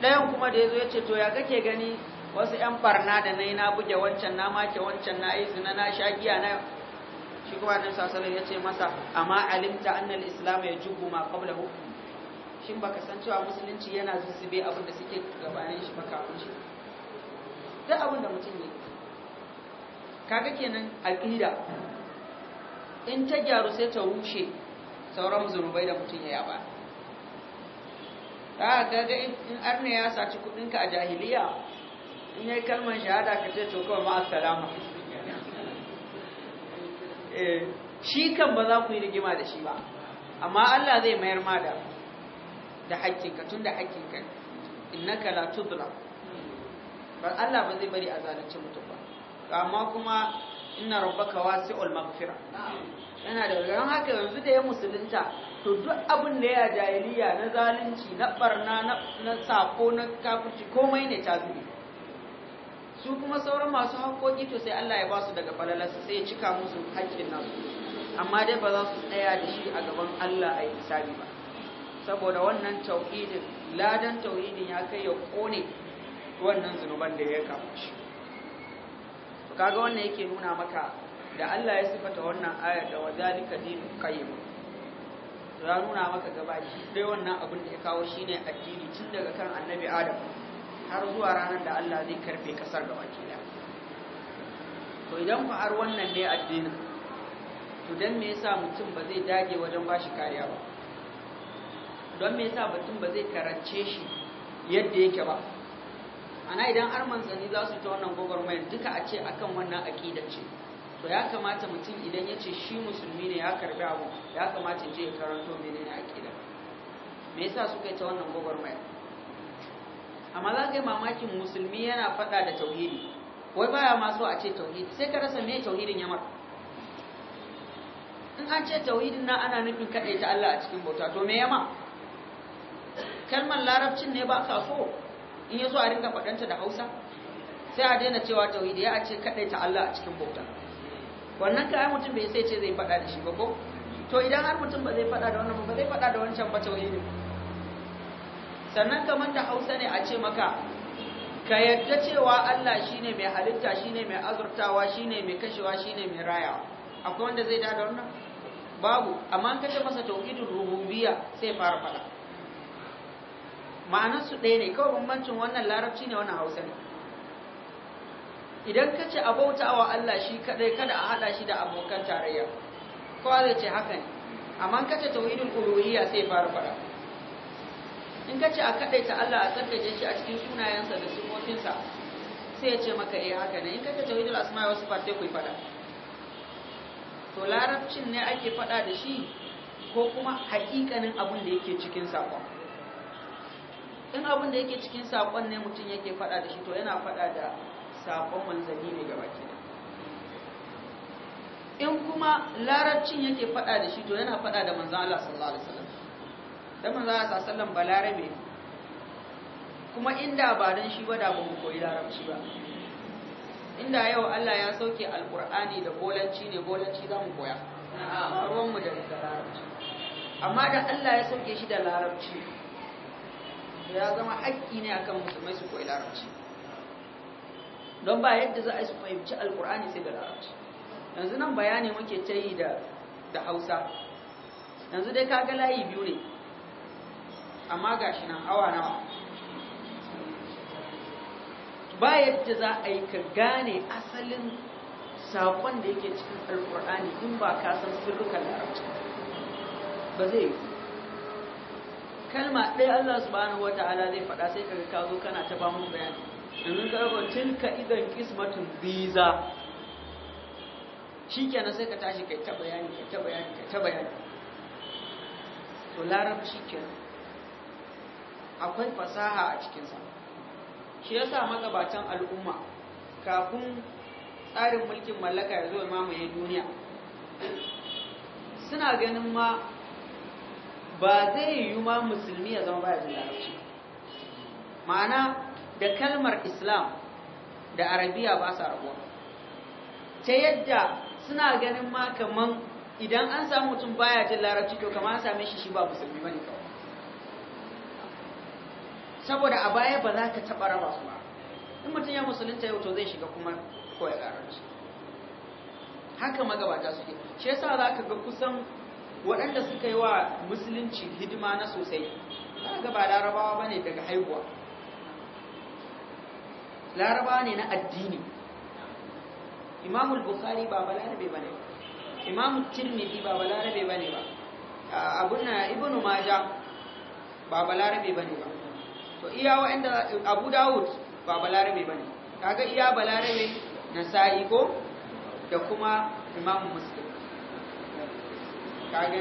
ɗayan kuma da yazo yace to ya kake gani wasu 'yan barna da nayi na buge wancan na make wancan na aizu na na shagiya na shi kuma annabi sasalin ya ce yace masa amma alimta anna al-islam yajubu ma qablahu shin baka san cewa musulunci yana zuzube abin da suke gabanin shi baka kun shi duk abin da mutum yake kaga kenan aqida in ta gyaru sai ta rushe sauran zunubai da mutum ya yaba a gaga in arna ya saci kudinka a jahiliya in yi kalmar shahada ka ce to kawai ma'a Eh, shi kan ba za ku yi rigima da shi ba amma Allah zai mayar ma da da haƙƙinka tun da haƙƙinka innaka la tudla ba Allah ba zai bari a zalunci mutum ba amma kuma inna rabbaka wasi'ul maghfira yana da ran haka yanzu da ya musulunta to duk abin da ya jahiliya na zalunci na barna na sako na kafirci komai ne ta zube su kuma sauran masu haƙoƙi to sai Allah ya ba su daga su sai ya cika musu haƙƙin nasu amma dai ba za su tsaya da shi a gaban Allah a yi misali ba saboda wannan tauhidin ladan tauhidin ya kai ya kone wannan zunuban da ya kafa shi kaga wannan yake nuna maka da Allah ya sifata wannan ayar da wazalika dinu qayyim ya nuna maka gaba dai wannan abin da ya kawo shine addini tun daga kan annabi Adam har zuwa ranar da Allah zai karfe kasar da da to idan ku har wannan ne addini to dan me yasa mutum ba zai dage wajen bashi kariya ba don me yasa mutum ba zai karance shi yadda yake ba ana idan har manzanni za su ta wannan gwagwarmayar duka a ce akan wannan aƙidar ce to ya kamata mutum idan ya ce shi musulmi ne ya karbi abu ya kamata je ya karanto menene aƙidar. me yasa suka yi ta wannan gwagwarmayar amma za ka yi mamakin musulmi yana faɗa da tauhidi wai baya ma so a ce tauhidi sai ka rasa me tauhidin yamar in an ce tauhidin na ana nufin kaɗai ta Allah a cikin bauta to me yama kalmar larabcin ne ba ka so in ya so a rinka faɗanta da hausa sai a daina cewa tauhidi ya a ce kaɗai ta Allah a cikin bauta wannan ka ai mutum bai sai ce zai faɗa da shi ba ko to idan har mutum ba zai faɗa da wannan ba zai faɗa da wancan ba tauhidin sannan kamar da hausa ne a ce maka ka yadda cewa Allah shi ne mai halitta shi ne mai azurtawa shi ne mai kashewa shi ne mai rayawa akwai wanda zai da wannan babu amma ka ce masa tauhidin rububiyya sai fara fada ma'anar su ɗaya ne kawai bambancin wannan larabci ne wannan hausa ne idan ka ce abautawa Allah shi kadai kada a hada shi da abokan tarayya kowa zai ce haka ne amma ka ce tauhidul uluhiyya sai fara fada in ka ce a kaɗaita Allah a tsarkake shi a cikin sunayensa da sifofinsa sai ya ce maka eh haka ne in ka ce tauhidul asma'i wasu sifat sai ku faɗa to larabcin ne ake faɗa da shi ko kuma haƙiƙanin abin da yake cikin saƙon in abin da yake cikin saƙon ne mutum yake faɗa da shi to yana faɗa da saƙon manzanni ne gaba ke in kuma larabcin yake faɗa da shi to yana faɗa da manzan Allah sallallahu alaihi wasallam dan manzo Allah sallallahu balarabe kuma inda ba dan shi ba da ba koyi larabci ba inda yau Allah ya sauke alqur'ani da bolanci ne bolanci za mu koya A'a, ruwan mu da larabci amma da Allah ya sauke shi da larabci ya zama haƙƙi ne akan musulmai su koyi larabci don ba yadda za a su fahimci alqur'ani sai da larabci yanzu nan bayani muke ta yi da da Hausa yanzu dai kaga layi biyu ne amma ga shi nan awa nawa ba yadda za a yi ka gane asalin saƙon da yake cikin alƙur'ani in ba ka san sirrukan larabci ba zai yi kalma ɗaya Allah subhanahu wa ta'ala zai faɗa sai kaga ka zo kana ta bamu bayani yanzu ka ga tilka idan kismatin biza shikenan sai ka tashi kai ta bayani kai ta bayani kai ta bayani to larabci kenan akwai fasaha a cikinsa shi yasa magabatan al'umma kafin tsarin mulkin mallaka ya zo mamaye duniya suna ganin ma ba zai yi ma musulmi ya zama baya larabci ma'ana da kalmar islam da arabiya ba sa rabuwa ta yadda suna ganin ma kaman idan an samu mutum baya jin larabci to kamar an same shi shi ba musulmi bane kawai saboda a baya ba za ka taɓa raba su ba in mutum ya musulunta yau to zai shiga kuma koya su. haka magabata suke shi yasa za ka ga kusan waɗanda suka yi wa musulunci hidima na sosai za ka ba larabawa ba ne daga haihuwa larabawa ne na addini imamul bukari ba ba larabe ba ne imamul tirmidhi ba ba larabe ba ne ba abun na ibnu maja ba ba larabe ba ne ba to iya wa'anda abu dawud ba balarabe ba ne kaga iya balarabe na sa'i ko da kuma Imam muslim kaga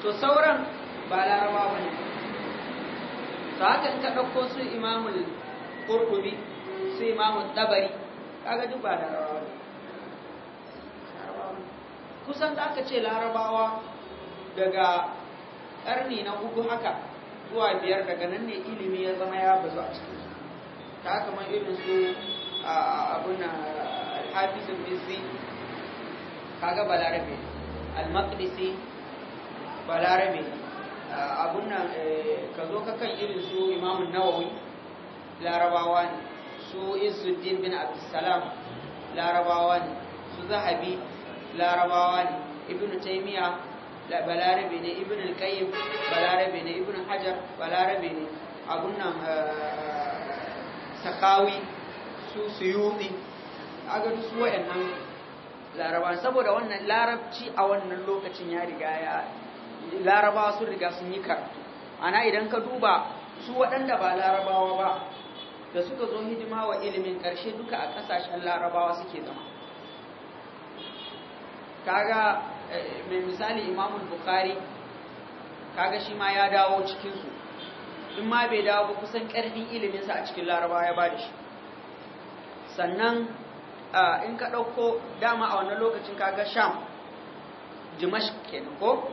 to sauran balarawa bane ba ne to haka in ka ɗauko su imamul Qurtubi su imamul dabari kaga duk balarawa kusan za ka ce larabawa daga ƙarni na uku haka zuwa biyar daga nan ne ilimi ya zama ya bazu a cikin su ta kamar irin su abun hafizin mizzi kaga balarabe al-maqdisi balarabe abun nan eh, ka zo ka kan irin su imamun nawawi larabawa ne su isuddin bin abdussalam larabawa ne su zahabi larabawa ne ibnu taymiya balarabi ne ibn al-qayyim balarabi ne ibn hajar balarabi ne abun nan sakawi su suyuti aga su wayannan laraba saboda wannan larabci a wannan lokacin ya riga ya larabawa sun riga sun yi karatu ana idan ka duba su waɗanda ba larabawa ba da suka zo hidima wa ilimin ƙarshe duka a ƙasashen larabawa suke zama kaga mai misali imamun bukhari kaga shi ma ya dawo cikinsu in ma bai dawo ba kusan ƙarfin iliminsa a cikin laraba ya ba da shi sannan in ka ɗauko dama a wannan lokacin kaga sham jimash kenan ko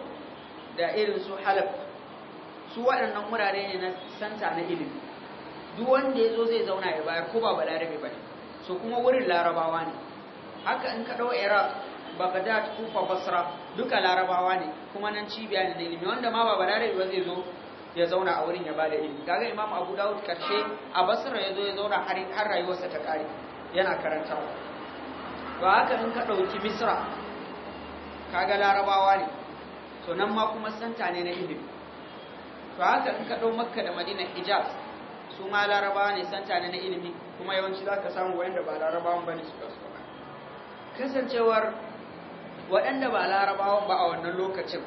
da irin su halab su waɗannan wurare ne na santa na ilimi duk wanda ya zo zai zauna ya bayar ko ba larabe ba ne so kuma wurin larabawa ne haka in ka ɗau iraq Baghdad, Kufa, Basra duka Larabawa ne kuma nan cibiya ne da ilimi wanda ma ba barare ba zai zo ya zauna a wurin ya bada ilimi kaga Imam Abu Dawud karshe a Basra ya zo ya zauna har har rayuwarsa ta kare yana karanta, to haka in ka dauki Misra kaga Larabawa ne to nan ma kuma santa ne na ilimi to haka in ka dau Makka da Madina Hijaz su ma Larabawa ne santa ne na ilimi kuma yawanci zaka samu wanda ba Larabawan bane suka so kasancewar waɗanda ba larabawan ba a wannan lokacin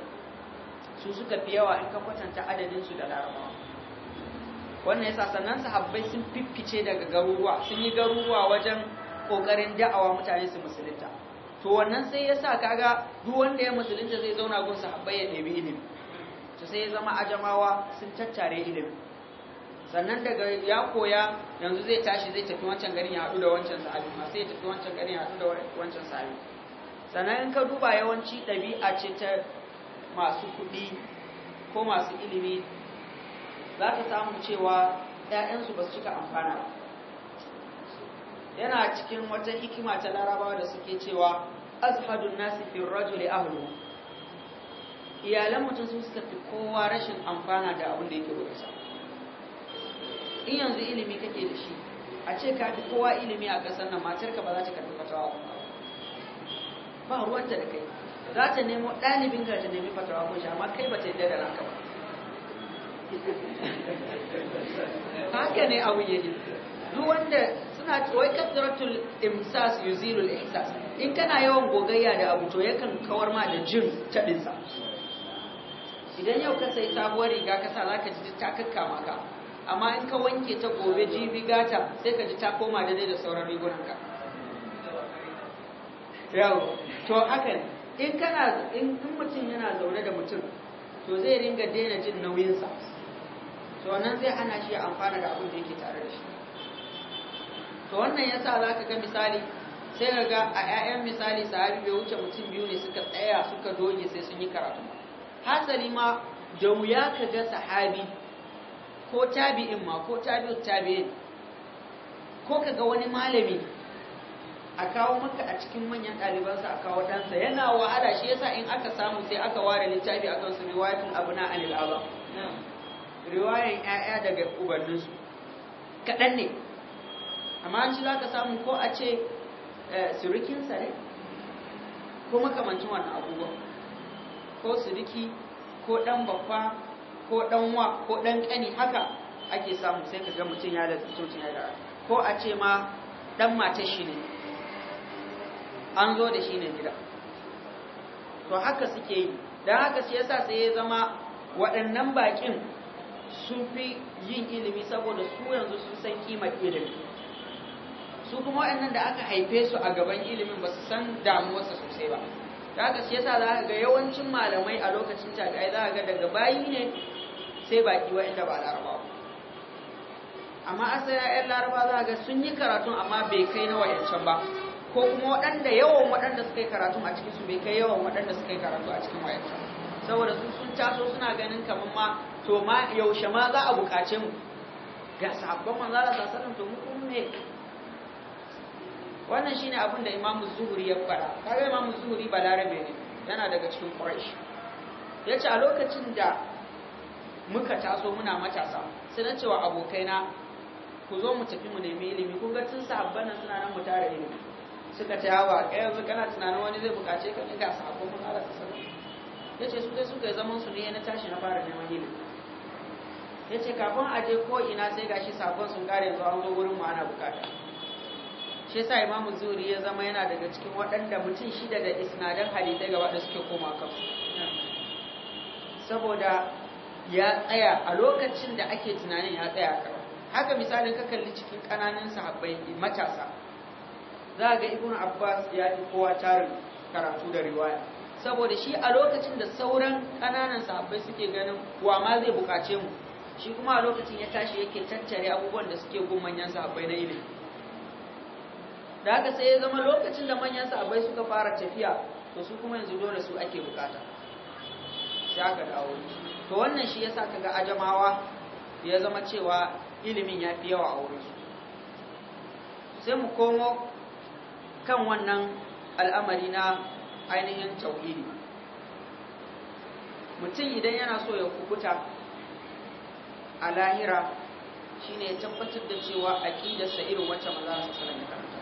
su suka fi yawa in ka kwatanta adadinsu da larabawa wannan yasa sannan sahabbai sun fiffice daga garuruwa sun yi garuruwa wajen ƙoƙarin da'awa mutane su musulunta to wannan sai ya sa kaga duk wanda ya musulunta zai zauna gun sahabbai ya ɗabi ilimi to sai ya zama ajamawa sun tattare ilimi sannan daga ya koya yanzu zai tashi zai tafi wancan garin ya haɗu da wancan sahabi ma sai ya tafi wancan garin ya haɗu da wancan sahabi sannan in ka duba yawanci ɗabi'a ce ta masu kuɗi ko masu ilimi za ka samu cewa ‘ya'yansu ba su cika amfana yana cikin wata hikima ta larabawa da suke cewa azhadun nasi fi rajuli ahlu iyalan mutum sun suka fi kowa rashin amfana da abin da yake wurinsa in yanzu ilimi kake da shi a ce ka fi kowa ilimi a ƙasar nan matar ka ba za ta karɓi fatawa ba ba ruwanta da kai za ta nemo ɗalibin ka ta nemi fatawa ko shi amma kai ba ta yadda da ranka ba haka ne abu yake duk wanda suna wai kasratul imsas yuzilul ihsas in kana yawan gogayya da abu to yakan kawar ma da jin tabinsa idan yau ka sai sabuwar riga ka sa zaka ji ta kakka maka, amma in ka wanke ta gobe jibi gata sai ka ji ta koma daidai da sauran rigunanka Yau, to haka in kana in mutum yana zaune da mutum to zai ringa daina jin nauyinsa to wannan zai hana shi amfana da abin da yake tare da shi to wannan yasa za ka ga misali sai ka ga a 'ya'yan misali sahabi bai wuce mutum biyu ne suka tsaya suka doge sai sun yi karatu Hatsari ma da wuya ka ga sahabi ko tabi'in ma ko tabi'ut tabi'in ko ka ga wani malami a kawo maka a cikin manyan ɗalibansa a kawo ɗansa yana wahala shi yasa in aka samu sai aka ware littafi a kansu riwayatun abu na anil aba riwayan ƴaƴa daga ubanninsu kaɗan ne amma an ci za ka samu ko a ce eh, surikinsa ne ko makamancin wannan abubuwa ko suriki ko ɗan bakwa ko ɗan wa ko ɗan ƙani haka ake samu sai ka ga mutum ya da ya da ko a ce ma ɗan matashi ne an zo da shi ne gida to haka suke yi don haka shi yasa sai ya zama waɗannan baƙin sun fi yin ilimi saboda su yanzu sun san kimar ilimi su kuma waɗannan da aka haife su a gaban ilimin ba su san damuwarsa sosai ba da haka shi yasa za ka ga yawancin malamai a lokacin tabi'ai za ka ga daga bayi ne sai baƙi waɗanda ba larabawa amma asali 'yan laraba za ga sun yi karatun amma bai kai na wayancan ba ko kuma waɗanda yawan waɗanda suka yi karatu a cikin su bai kai yawan waɗanda suka yi karatu a cikin wayancan saboda su sun taso suna ganin kamar ma to ma yaushe ma za a buƙace mu ga sahabban manzo Allah sallallahu to mu kun me wannan shine abin da Imam Zuhri ya fara kaga Imam Zuhri larabe ne yana daga cikin Quraysh yace a lokacin da muka taso muna matasa sai na cewa abokaina ku zo mu tafi mu nemi ilimi kun ga tun sahabban nan suna nan mu tare ilimi suka ta yawa ga yanzu kana tunanin wani zai bukace ka ne ga sakon mun Allah ta yace su dai suka yi zaman su ne na tashi na fara neman ilimi yace kafin a je ko ina sai gashi sakon sun kare yanzu an zo wurin mu ana bukata shi yasa Imam Zuri ya zama yana daga cikin waɗanda mutum shida da isnadan hadisi gaba da suke koma kansu saboda ya tsaya a lokacin da ake tunanin ya tsaya kawai haka misalin ka kalli cikin ƙananan sahabbai matasa za ga ibn abbas ya fi kowa tarin karatu da riwaya saboda shi a lokacin da sauran ƙananan sahabbai suke ganin wa ma zai bukace mu shi kuma a lokacin ya tashi yake tattare abubuwan da suke gun manyan sahabbai na ilimi da haka sai ya zama lokacin da manyan sahabbai suka fara tafiya to su kuma yanzu dole su ake bukata sai aka dawo to wannan shi yasa kaga ajamawa ya zama cewa ilimin ya fi yawa a wurin sai mu komo kan wannan al'amari na ainihin tauhidi mutum idan yana so ya kubuta a lahira shine ya tabbatar da cewa a aqidarsa irin wacce manzo sallallahu ya karanta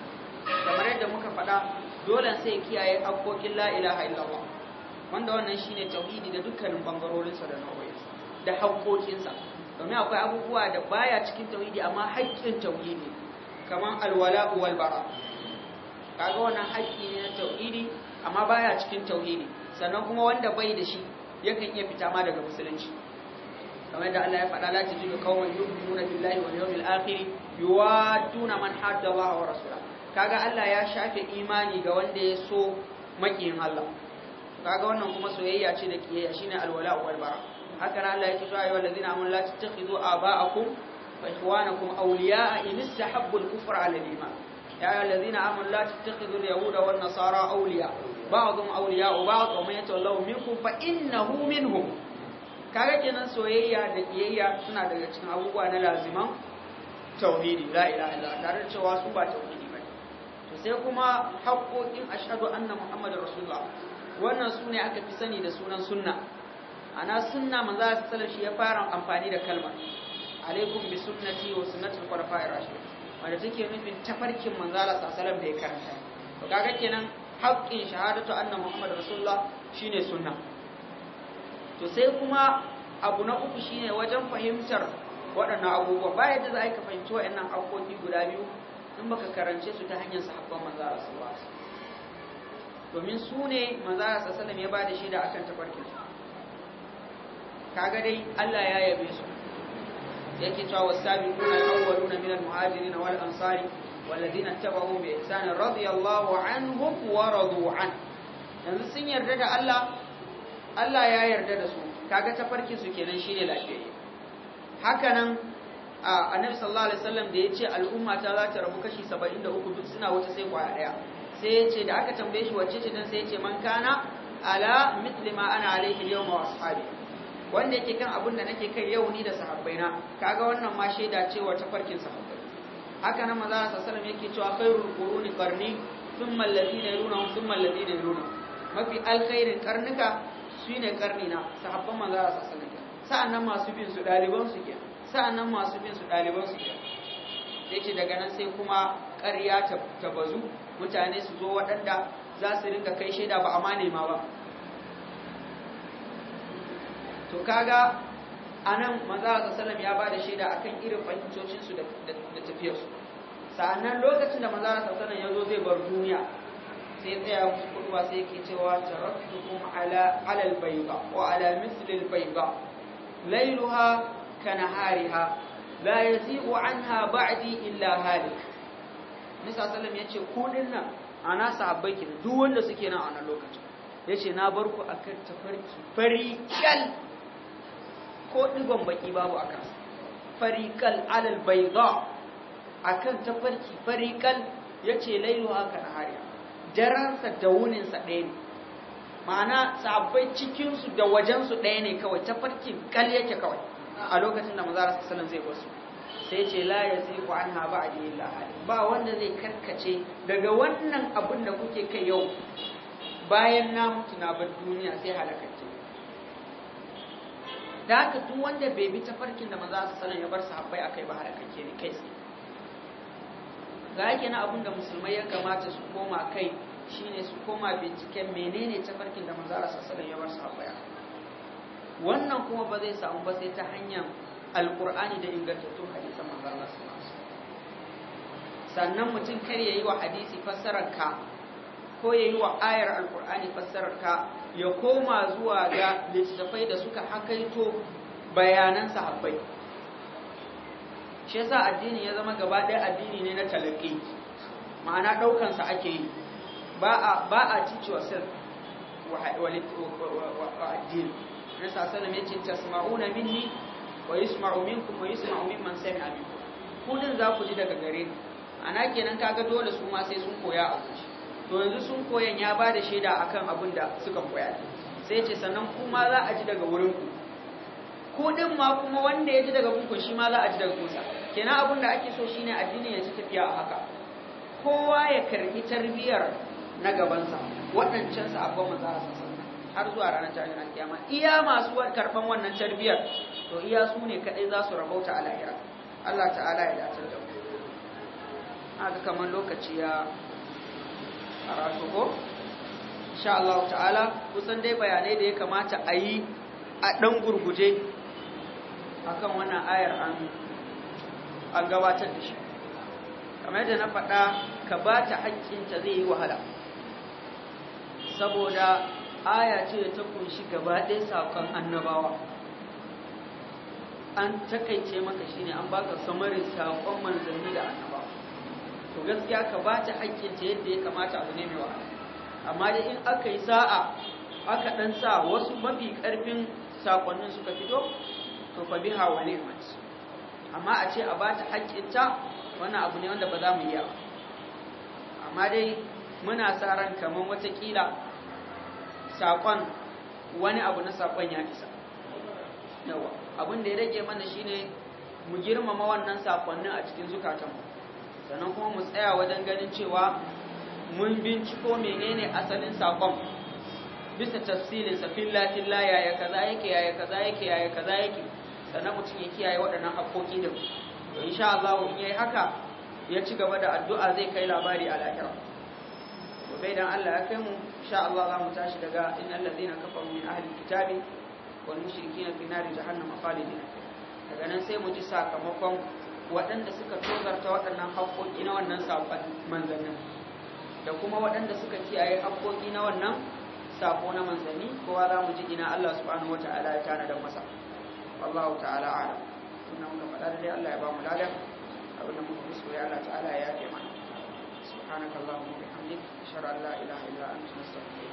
kamar yadda muka faɗa dole sai kiyaye haƙoƙin La'ila ilaha wanda wannan shine tauhidi da dukkanin bangarorinsa da nau'o'insa da haƙoƙinsa domin akwai abubuwa da baya cikin tauhidi amma haƙƙin tauhidi kamar alwala wal kaga wannan haƙƙi ne na tauhidi amma baya cikin tauhidi sannan kuma wanda bai da shi yakan iya fita ma daga musulunci kamar yadda Allah ya faɗa la tajidu qauman yu'minuna billahi wal yawmil akhir yuwadduna man hadda Allah wa rasula kaga Allah ya shafe imani ga wanda ya so makiyin Allah kaga wannan kuma soyayya ce da kiyayya shine alwala wal bara haka nan Allah yake cewa ayyuhal ladina amanu la tattakhidu aba'akum wa ikhwanakum awliya'a in istahabbu al-kufra 'ala al-iman يا أيها الذين آمنوا لا تتخذوا اليهود والنصارى أولياء بعضهم أولياء بعض ومن يتولوا منكم hu? منهم kaga kenan soyayya da kiyayya suna daga cikin abubuwa na laziman tauhidi la ilaha illa tare da cewa su ba tauhidi ba to sai kuma haƙoƙin ashhadu anna muhammadar rasulullah wannan sune aka fi sani da sunan sunna ana sunna manzo sallallahu alaihi wasallam shi ya fara amfani da kalmar alaikum bi sunnati wa sunnati al-khulafa'ir rashidin wanda take nufin tafarkin manzala sallallahu da ya karanta to kaga kenan haƙƙin shahadatu anna muhammad rasulullah shine sunna to sai kuma abu na uku shine wajen fahimtar waɗannan abubuwa ba yadda za a yi ka fahimci waɗannan haƙƙoƙi guda biyu in baka karance su ta hanyar sahabban manzala sallallahu alaihi wasallam domin su ne manzala sallallahu ya ba da shaida akan tafarkin kaga dai Allah ya yabe su yake cewa wasabiquna al-awwaluna min al-muhajirin wal ansari walladhina tabahu bi ihsan radiyallahu anhum wa radu an yanzu sun yarda da Allah Allah ya yarda da su kaga ta tafarkin su kenan shine lafiya nan annabi sallallahu alaihi wasallam da yace al'umma ta za ta rabu kashi 73 duk suna wata sai kwaya daya sai yace da aka tambaye shi wacce ce dan sai yace man kana ala mithli ma ana alaihi yawma wa ashabi wanda yake kan abin da nake kai yau ni da sahabbaina kaga wannan ma shaida ce wa tafarkin sahabbai haka nan manzo sallallahu alaihi yake cewa khairul quruni qarni thumma alladhina yalunhum thumma alladhina yalunhum mafi alkhairin karnuka shine karni na sahabban manzo sallallahu alaihi wasallam sa'annan masu bin su daliban su ke sa'annan masu bin su daliban su ke yake daga nan sai kuma ƙarya ta bazu mutane su zo waɗanda za su rinka kai shaida ba amane ma ba to kaga anan manzo sallam ya bada shaida akan irin fahimtocin su da tafiyar su sannan lokacin da manzo sallam ya zo zai bar duniya sai tsaya kuduwa sai yake cewa taraktukum ala ala albayda wa ala mithl albayda laylaha kanahariha la yazi'u anha ba'di illa halik nisa sallam yace ku dinnan ana sahabbai kenan duk wanda suke nan a wannan lokacin yace na bar ku akan tafarki fari kyal ko digon baki babu a kansa alal bayda akan tafarki fariqal yace lailu haka hariya daransa da wuninsa ɗaya ne ma'ana sahabbai cikinsu da wajensu ɗaya ne kawai tafarkin kal yake kawai a lokacin da manzara sallallahu zai wasu sai ce la yaziqu anha ba'di illa ba wanda zai karkace daga wannan abin da kuke kai yau bayan na mutu na bar duniya sai halaka da haka duk wanda bai bi ta farkin da maza su sanar ya bar sahabbai akai ba harakake ne kai tsaye ga yake na abin da musulmai ya kamata su koma kai shine su koma binciken menene ta farkin da maza su sanar ya bar sahabbai wannan kuma ba zai samu ba sai ta hanyar alkur'ani da ingantattun hadisan manzon Allah sallallahu sannan mutum kar yayi wa hadisi fassarar ka ko yayi wa ayar alkur'ani fassarar ka ya koma zuwa ga littattafai da suka hakaito bayanan sahabbai shi yasa addini ya zama gaba ɗaya addini ne na talaqi ma'ana daukan sa ake yi ba a ba a teach yourself wa addini nasa sallam yace tasma'una minni wa yasma'u minkum wa yasma'u mimman sami'a minkum kudin za ku ji daga gare ni ana kenan kaga dole su ma sai sun koya a zuci to yanzu sun koyan ya ba da shaida a kan abin da suka koya sai ce sannan kuma za a ji daga wurin ku ko din ma kuma wanda ya ji daga gunku shi ma za a ji daga kusa kenan abin da ake so shine addini ya ci tafiya a haka kowa ya karbi tarbiyar na gabansa waɗancan sahabban manzo a sallallahu har zuwa ranar tashin alkiyama iya masu karban wannan tarbiyar to iya su ne kadai za su rabauta a lahira Allah ta'ala ya dace da mu haka kamar lokaci ya a ko insha Allah ta'ala kusan dai bayanai da ya kamata a yi a ɗan gurguje akan wannan ayar an an gabatar da shi kamar yadda na faɗa ka ba ta zai yi wahala saboda aya ce ta kunshi gaba ɗaya sakon annabawa an takaice maka shine an baka samarin sakon manzanni da annabawa to gaskiya ka ba ta haƙƙin yadda ya kamata abu ne mai wahala amma dai in aka yi sa'a aka dan sa wasu mafi karfin sakonnin suka fito to fa biha wa ni'mat amma a ce a ba ta haƙƙin wannan abu ne wanda ba za mu yi ba amma dai muna sa ran kaman kila sakon wani abu na sakon ya isa yawa abin da ya rage mana shine mu girmama wannan sakonnin a cikin zukatanmu sannan kuma mu tsaya wajen ganin cewa mun binciko menene asalin sakon bisa tafsirin, sa filla filla yaya kaza yake yaya kaza yake yaya kaza yake sannan mutum ya kiyaye waɗannan haƙoƙi da to insha Allah in yayi haka ya ci gaba da addu'a zai kai labari a lahira to bai dan Allah ya kai mu insha Allah za mu tashi daga innal ladina kafaru min ahli kitabi wal mushrikina fi nari jahannam khalidina daga nan sai mu ji sakamakon waɗanda suka tozarta waɗannan haƙoƙi na wannan saƙon manzanni da kuma waɗanda suka kiyaye haƙoƙi na wannan saƙo na manzanni kowa za mu ji ina Allah subhanahu wata'ala ya tana da masa wallahu ta'ala a'lam sunan muka faɗa da dai Allah ya ba mu lada abin da muka fusko ya Allah ta'ala ya yafe mana subhanakallahumma wa bihamdika ashhadu an la ilaha illa anta astaghfiruka